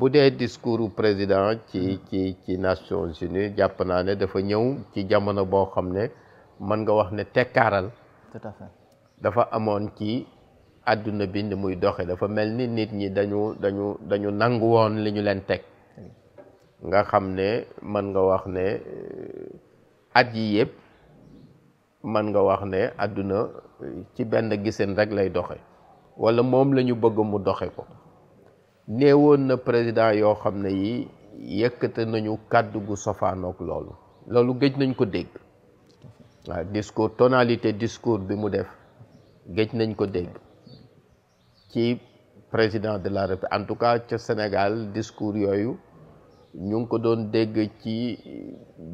bu dee discours président ci ci ci Nations Unies jàpp naa ne dafa ñëw ci jamono boo xam ne mën nga wax ne tekkaaral tout dafa amoon ci àdduna bi muy doxe dafa mel ni nit ñi dañu dañu dañu nangu woon li ñu leen teg nga xam ne mën nga wax ne euh, at yi yëpp mën nga wax ne àdduna ci benn giseen rek lay doxe walla moom la ñu bëgg mu doxe ko néewoon na président yoo xam ne yi yëkkate nañu kàddu gu sofaanook loolu loolu géej nañ ko dégg waaw discours tonalité discours bi mu def géej nañ ko dégg ci président de la république en tout cas ca Sénégal discours yooyu ñu ngi ko doon dégg ci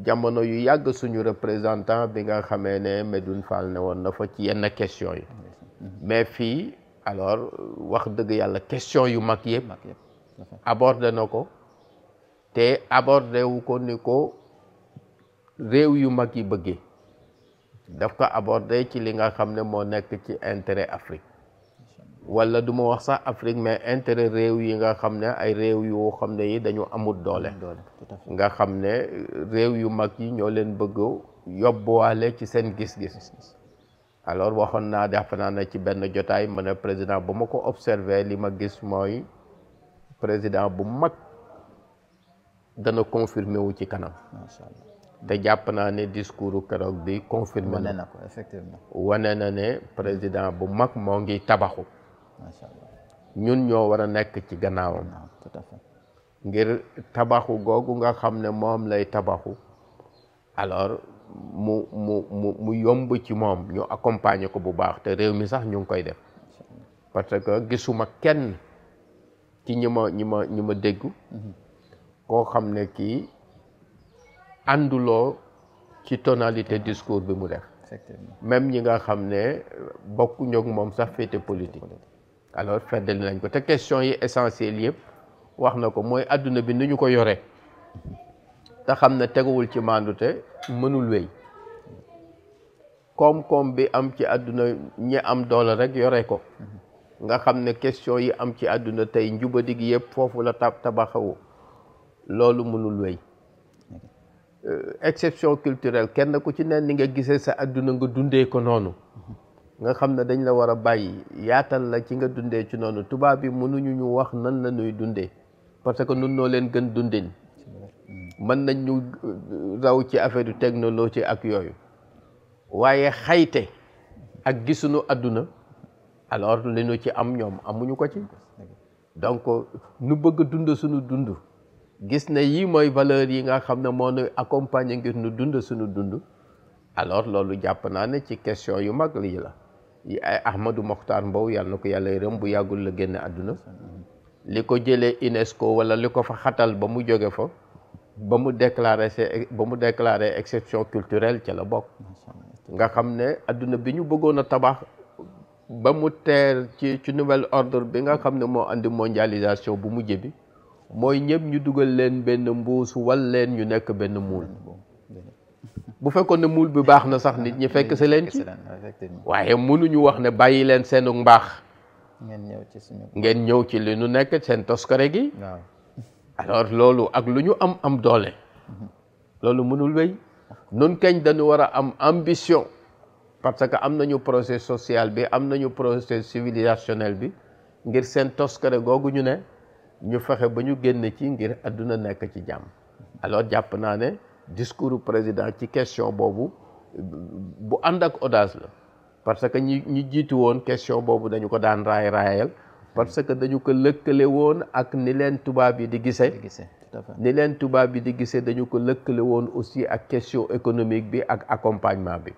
jamono yu yàgg suñu représentant bi nga xamee ne Medoune Fall ne woon na fa ci yenn question yi mais fii alors euh, wax dëgg yàlla question yu mag yëpp abordé na ko te abordé wu ko ni ko réew yu mag yi bëggee daf ko abordé ci li nga xam ne moo nekk ci intérêt Afrique wala du ma wax sax Afrique mais intérêt réew yi nga xam ne ay réew yoo xam ne yi dañu amul doole nga xam ne euh, réew yu mag yi ñoo leen bëgg yobbuwaale ci seen gis-gis alors waxoon naa defe naa na ci benn jotaay ma ne président bu ma ko observé li ma gis mooy président bu mag dana confirmé wu ci kanam. macha te jàpp naa ne discours keroog bi confirmé na. wane na ko effectivement wane na ne président bu mag moo ngi tabaxu. ñun ñoo war a nekk ci gannaawam. Ah, ngir tabaxu googu nga xam ne moom lay tabaxu alors. mu mu mu mu yomb ci moom ñu accompagner ko bu baax te réew mi sax ñu ngi koy def parce que gisuma kenn ci ñi ma ñi ma ñi ma déggu koo xam ne kii ànduloo ci tonalité discours bi mu def même ñi nga xam ne bokkuñu ak moom sax féete politique alors feddali nañ ko te question yi essentielles yëpp wax na ko mooy àdduna bi ni ñu ko yore te xam ne teguwul ci mandute mënul wéy koom-koom bi am ci àdduna ñi am doole rek yore ko nga xam ne question yi am ci àdduna tey njubadi gi yëpp foofu la tab tabaxawu loolu mënul wéy euh, exception culturel kenn ku ci nen ni nga gisee sa àdduna nga dundee ko noonu nga xam ne dañ la war a bàyyi yaatal la ci nga dundee ci noonu tubaab bi mënuñu ñu wax nan la ñuy dundee parce que nun noo leen gën dundin mën nañ ñu euh, raw ci affaire technologie ak yooyu waaye xayte ak gisuñu àdduna alors li ñu ci am ñoom amuñu ko ci donc nu bëgg dund suñu dund gis na yii mooy valeur yi nga xam ne moo nu accompagner ngir nu dund suñu dund alors loolu jàpp naa ne ci question yu mag yi la yi ay Ahmadou Mokhtar Mbow yàlla ko yàlla yërëm bu yàggul la génn àdduna li ko jëlee UNESCO wala li ko fa xatal ba mu jóge fo ba mu déclaré ba mu déclaré exception culturelle ci la bokk nga xam ne àdduna bi ñu bëggoon a tabax ba mu teer ci ci nouvel ordre bi nga xam ne moo indi mondialisation bu mujj bi mooy ñëpp ñu dugal leen benn mbuus wal leen ñu nekk benn muul bu fekkoon ne muul bi baax na sax nit ñi fekk si leen waaye munu ñu wax ne bàyyi leen seenu mbaax ngeen ñëw ci li nu nekk seen toskare gi alors loolu ak lu ñu am am doole loolu mënul wéy nun keñ dañu war a am ambition parce que am nañu projet social bi am nañu projet civilisationnel bi ngir seen toskare googu ñu ne ñu fexe ba ñu génne ci ngir àdduna nekk ci jàmm alors jàpp naa ne discours président ci question boobu bu ànd ak audace la parce que ñi ñi jiitu woon question boobu dañu ko daan raay raayal parce que dañu ko lëkkale woon ak ni leen tubaab yi di gisee ni leen tubaab yi di gisee dañu ko lëkkale woon aussi ak question économique bi ak accompagnement bi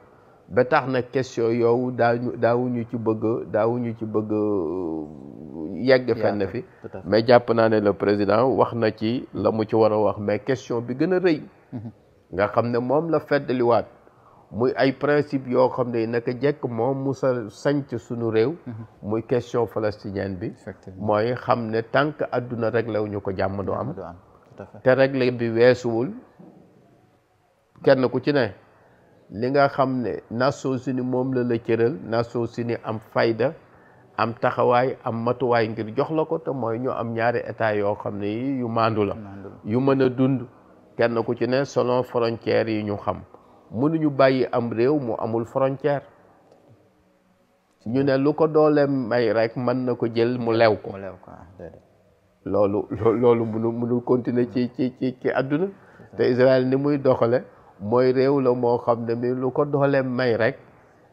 ba tax na question yow daañu daawuñu ci bëgg daawuñu ci bëgg euh, yegg fenn fi mais jàpp naa ne le président wax na ci la mu ci war a wax mais question bi gën a rëy mhm. nga xam ne moom la feddaliwaat muy ay principe yoo xam ne naka jekk moom musa sanc suñu réew mm-hmm. muy question palestinienne bi mooy xam ne tant àdduna réglé wu ñu ko jàmm du am te réglé bi weesuwul kenn ku ci ne li nga xam ne Nations Unies moom la la cëral Nations Unies am fayda am taxawaay am matuwaay ngir jox la ko te mooy ñu am ñaari état yoo xam ne yi yu maandu la yu mën a dund kenn ku ci ne selon frontières yi ñu xam mënuñu bàyyi am réew mu amul frontière ñu ne lu ko dooleem may rek mën na ko jël mu lew ko ah, loolu loolu munu mënul continuer ci ci ci ci àdduna te Israël ni muy doxale mooy réew la moo xam ne mi lu ko dooleem may rek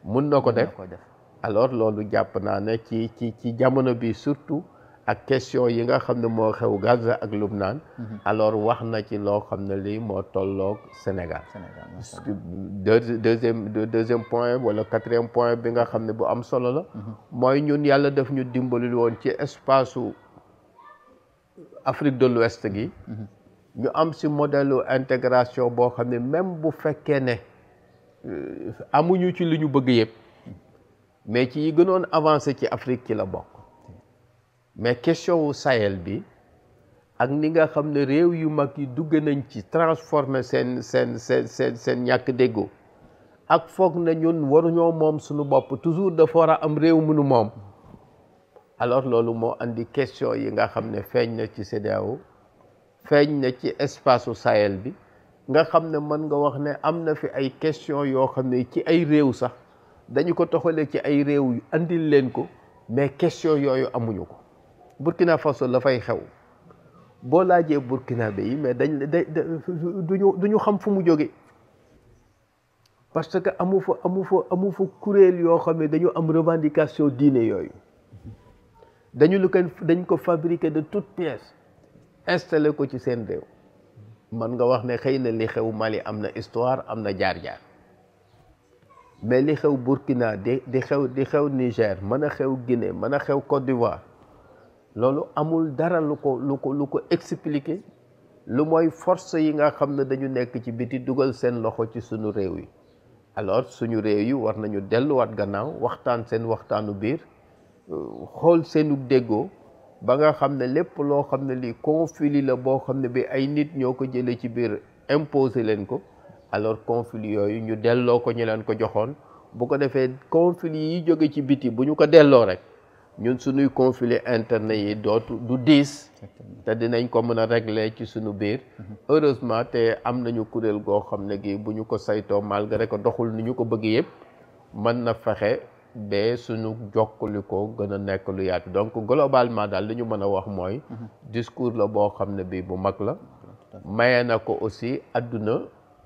mun na ko def alors loolu jàpp naa ne ci ci ci jamono bi surtout ak question yi nga xam ne moo xew Gaza ak naan mhm. alors wax na ci loo xam ne lii moo tollook Sénégal deux deuxième deuxième point wala quatrième point bi nga xam ne bu am solo la mhm. mooy ñun yàlla def ñu dimbalul woon ci espace u Afrique de l'Ouest gi mhm. ñu am si modèle intégration boo xam ne même bu fekkee ne euh, amuñu ci lu ñu bëgg yëpp mais ci yi gënoon avancé ci Afrique ci la bokk mais question wu Sahel bi ak ni nga xam ne réew yu mag yi dugg nañ ci transformer seen seen seen seen seen ñàkk déggoo ak foog na ñun waruñoo moom suñu bopp toujours dafa war a am réew mënu moom alors loolu moo indi question yi nga xam ne feeñ na ci CEDEAO feeñ na ci espace u Sahel bi nga xam ne mën nga wax ne am na fi ay question yoo xam ne ci ay réew sax dañu ko toxalee ci ay réew yu andil leen ko mais question yooyu amuñu ko Burkina Faso la fay xew boo laajee burkinabé yi mais dañ da duñu duñu xam fu mu jóge parce que amu fa amu fa amu kuréel yoo xam ne dañu am revendication diine yooyu dañu lu dañ ko fabriqué de toute pièces installé ko ci seen réew man nga wax ne xëy na li xew Mali am na histoire am na jaar-jaar mais li xew Burkina di di xew di xew Niger mën a xew Guinée mën a xew Côte d'Ivoire loolu amul dara lu ko lu ko lu ko expliquer lu mooy force yi nga xam ne dañu nekk ci biti dugal seen loxo ci suñu réew yi alors suñu réew yi war nañu delluwaat gannaaw waxtaan seen waxtaanu biir xool seenu déggoo ba nga xam ne lépp loo xam ne lii conflit la boo xam ne bi ay nit ñoo ko jëlee ci biir imposé leen ko alors conflit yooyu ñu delloo ko ñu leen ko joxoon bu ko defee conflit yi jóge ci biti bu ñu ko delloo rek ñun suñuy conflit interne yi dootu du diis te dinañ ko mën a régler ci suñu biir mm-hmm. heureusement te am nañu kuréel goo xam ne gi bu ñu ko saytoo malgré ko doxul ni ñu ko bëgg yëpp mën na fexe ba suñu jokkali ko gën a nekk lu yaatu donc globalement daal li ñu mën a wax mooy mm-hmm. discours la boo xam ne bii bu mag la maye na ko aussi adduna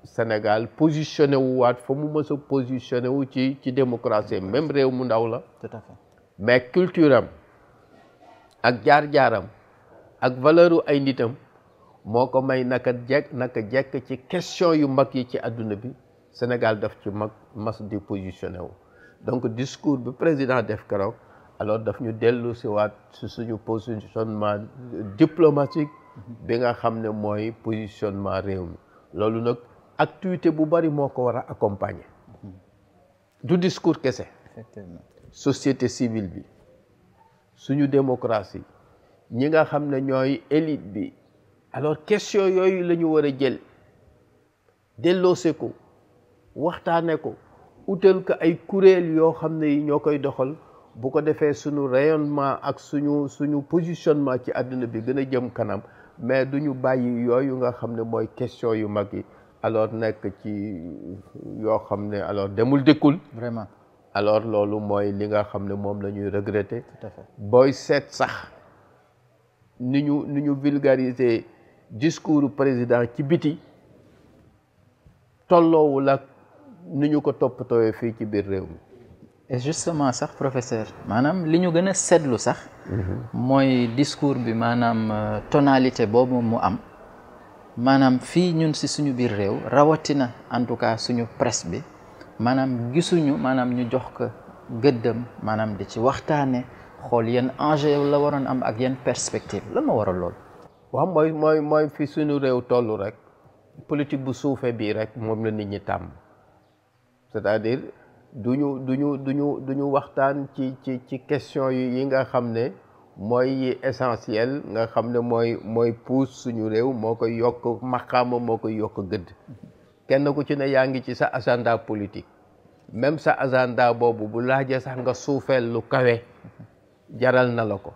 Sénégal positionné wu waat fa mu mës a positionné wu ci ci démocratie même réew mu ndaw la mais culture am ak jaar-jaaram ak valeuru ay nitam moo ko may naka jekk naka jekk ci question yu mag yi ci àdduna bi Sénégal daf ci mag mas di positionné wu donc discours bi président def keroog alors daf ñu dellu si waat si suñu positionnement diplomatique bi nga xam ne mooy positionnement réew mi loolu nag activité bu bari moo ko war a accompagner du discours kese société civile bi suñu démocratie ñi nga xam ne ñooy élite bi alors question yooyu la ñu war a jël delloose ko waxtaane ko utal ko ay kuréel yoo xam ne yi ñoo koy doxal bu ko defee suñu rayonement ak suñu suñu positionnement ci àdduna bi gën a jëm kanam mais du ñu bàyyi yooyu nga xam ne mooy question yu mag yi alors nekk ci yoo xam ne alors demul dëkkul vraiment alors loolu mooy li nga xam ne moom la ñuy regretter booy seet sax nu ñu ni ñu vulgariser discours président ci biti tolloowul ak nu ñu ko toppatooyee fii ci biir réew mi et justement sax professeur maanaam li ñu gën a seetlu sax mhm. mooy discours bi maanaam euh, tonalité boobu mu am maanaam fii ñun si suñu biir réew rawatina en tout cas suñu presse bi maanaam gisuñu maanaam ñu jox ko gëddëm maanaam di ci waxtaane xool yan enjeu la waroon am ak yan perspective la ma waral lool. waaw mooy mooy mooy fi suñu réew tollu rek politique bu suufee bii rek moom la nit ñi tàmm c'est-à-dire duñu duñu duñu duñu waxtaan ci ci ci question yi nga xam ne mooy yi essentiel nga xam ne mooy mooy puus suñu réew moo koy yokk maqaama moo koy yokk gëdd kenn ku ci ne yaa ngi ci sa agenda politique même sa agenda boobu bu laajee sax nga suufeel lu kawe jaral na la ko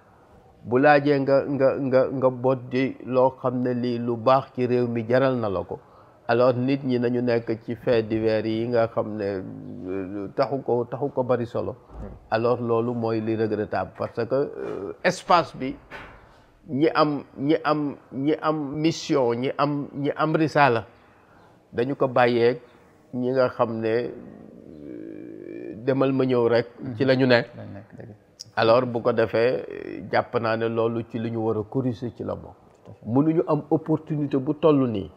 bu laajee nga nga nga nga bot di loo xam ne lii lu baax ci réew mi jaral na la ko alors nit ñi nañu nekk ci di weer yi nga xam ne euh, taxu ko taxu ko bari solo alors loolu mooy li regrettable parce que euh, espace bi ñi am ñi am ñi am mission ñi am ñi am dañu ko bàyyeek ñi nga xam ne euh, demal ma ñëw rek. Mm-hmm. ci la ñu ne. alors bu ko defee jàpp naa ne loolu ci lu ñu war a corriger ci la bokk. mënuñu am opportunité bu toll nii.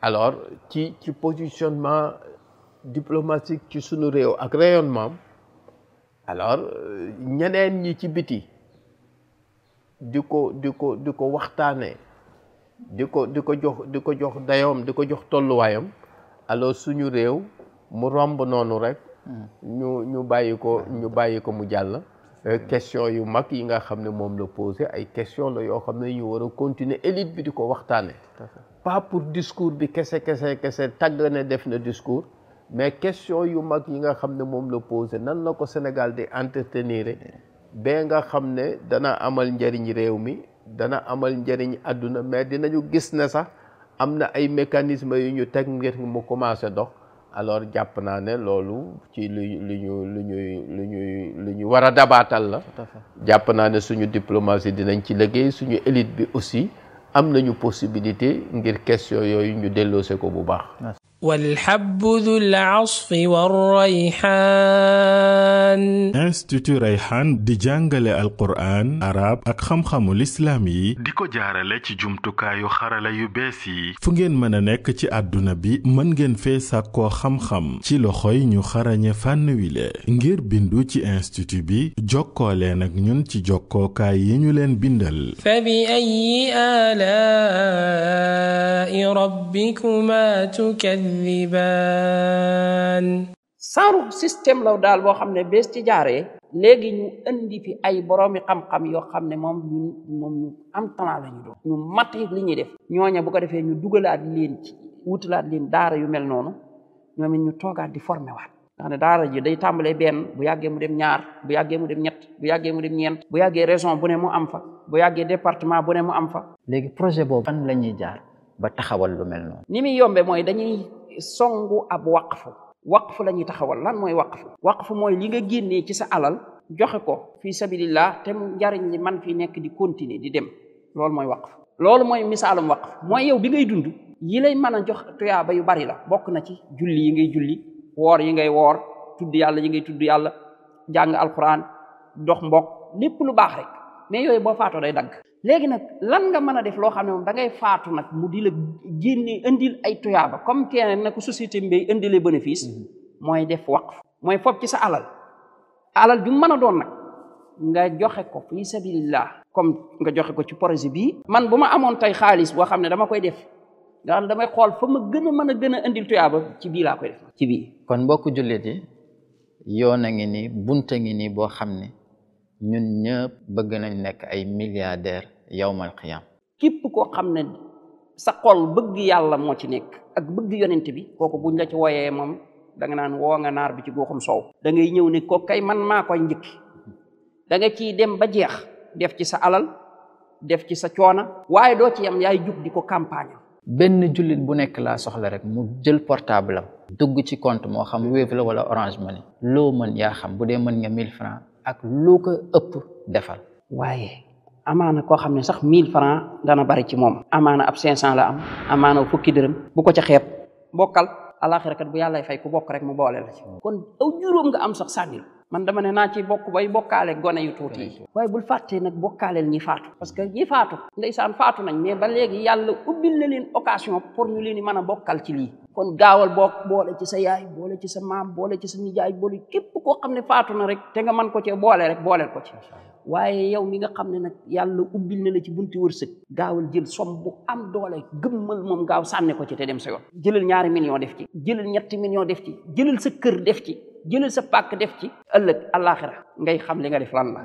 alors ci ci positionnement diplomatique ci suñu réew ak rayonnement alors euh, ñeneen ñi ci biti di ko di ko di ko waxtaanee. di ko di ko jox di ko jox dayoom di ko jox tolluwaayam alors suñu réew mu romb noonu rek ñu ñu bàyyi ko ñu bàyyi ko mu jàll euh, question yu mag yi nga xam ne moom la posé ay question la yoo xam ne ñu war a continuer élite bi di ko waxtaane pas pour discours bi kese kese kese tàgg ne def na discours mais question yu mag yi nga xam ne moom la posé nan la ko Sénégal di entretenir ba nga xam ne dana amal njëriñ réew mi dana amal njëriñ àdduna mais dinañu gis ne sax am na ay mécanismes yu ñu teg ngir mu commencé dox alors jàpp naa ne loolu ci lu lu ñu lu ñuy lu ñuy lu ñu war a dabaatal la jàpp naa ne suñu diplomatie dinañ ci liggéey suñu élite bi aussi am nañu possibilité ngir question yooyu ñu delloose ko bu baax والحب ذو العصف والريحان institut Rayhan di jàngale alquraan arab ak xam-xamu lislaam yi di ko jaarale ci jumtukaayu xarale yu bees yi fu ngeen mën a nekk ci àdduna bi mën ngeen fee sàkkoo xam-xam ci loxoy ñu xarañe fànn wile ngir bindu ci institut bi jokkoo leen ak ñun ci jokkookaay yi ñu leen bindal fa bi ayyi aalaa'i rabbikumaa tukadhibaan saaru système la daal boo xam ne bés ci jaaree léegi ñu indi fi ay boroomi xam-xam yoo xam ne moom moom ñu am talent la ñu doon ñu mat li ñuy def ñooña bu ko defee ñu dugalaat leen ci wutalaat leen daara yu mel noonu ñoom it ñu toogaat di forme waat ndax ne daara ji day tàmbalee benn bu yàggee mu dem ñaar bu yàggee mu dem ñett bu yàggee mu dem ñeent bu yàggee région bu ne mu am fa bu yàggee département bu ne mu am fa léegi projet boobu fan la ñuy jaar ba taxawal lu mel noonu ni muy yombe mooy dañuy songu ab waqfu waqfu la ñuy taxawal lan mooy waqfu fu mooy li nga génnee ci sa alal joxe ko fii sabilillah te njariñ li man fii nekk di continuer di dem loolu mooy fu loolu mooy misaalum waqf mooy yow bi ngay dund yi lay mën a jox tuyaaba yu bari la bokk na ci julli yi ngay julli woor yi ngay woor tudd yàlla yi ngay tudd yàlla jàng alquran dox mbokk lépp lu baax rek mais yooyu boo faatoo day dagg léegi nag lan nga mën a def loo xam ne moom da ngay faatu nag mu di la génne indil ay tuyaaba comme kenn na ko société mbay indile bénéfice mhm. mooy def waqf mooy fob ci sa alal alal ju mën a doon nag nga joxe ko fi sabilillah comme nga joxe ko ci projet bi man bu ma amoon tey xaalis boo xam ne dama koy def nga xam damay xool fa ma gën a mën a gën a indil tuyaaba ci bii ci bii kon mbokku jullit yi yoon a ngi nii bunta ngi nii boo xam ne ñun ñëpp bëgg nañ nekk ay milliardaire yawmal qiyaam képp koo xam ne sa xol bëgg yàlla moo ci nekk ak bëgg yonent bi kooku buñ la ci wooyee moom danga naan woo nga naar bi ci goxum soow da ngay ñëw ne ko kay man maa koy njëkk da nga ciy dem ba jeex def ci sa alal def ci sa coona waaye doo ci yam yaay jug di ko campagne benn jullit bu nekk laa soxla rek mu jël portable am dugg ci compte moo xam Wave la wala orangement Money loo mën yaa xam bu dee mën nga 1000 francs ak loo ko ëpp defal waaye amaana koo xam ne sax 1000 francs dana bari ci moom amaana ab 500 la am amaana fukki dërëm bu ko ca xeeb bokkal alaxira kat bu yàllay fay ku bokk rek mu boole la ci kon am sax sànnil man dama ne naa ci bokk bay bokkaale gone yu tuuti yi waaye bul nag bokkaaleel ñi faatu parce que ñi faatu ndeysaan faatu nañ mais ba léegi yàlla ubbil na leen occasion pour ñu leen di mën a bokkal ci lii kon gaawal bokk boole ci sa yaay boole ci sa maam boole ci sa nijaay boole képp koo xam ne faatu na rek te nga mën ko cee boole rek booleel ko ci waaye yow mi nga xam ne nag yàlla ubbil na la ci bunti wërsëg gaawal jël som bu am doole gëmmal moom gaaw sànni ko ci te dem sa yoon jëlal ñaari million def ci jëlal ñetti million def ci jëlal sa kër def ci jëlal sa pàkk def ci ëllëg àllaaxira ngay xam li nga def lan la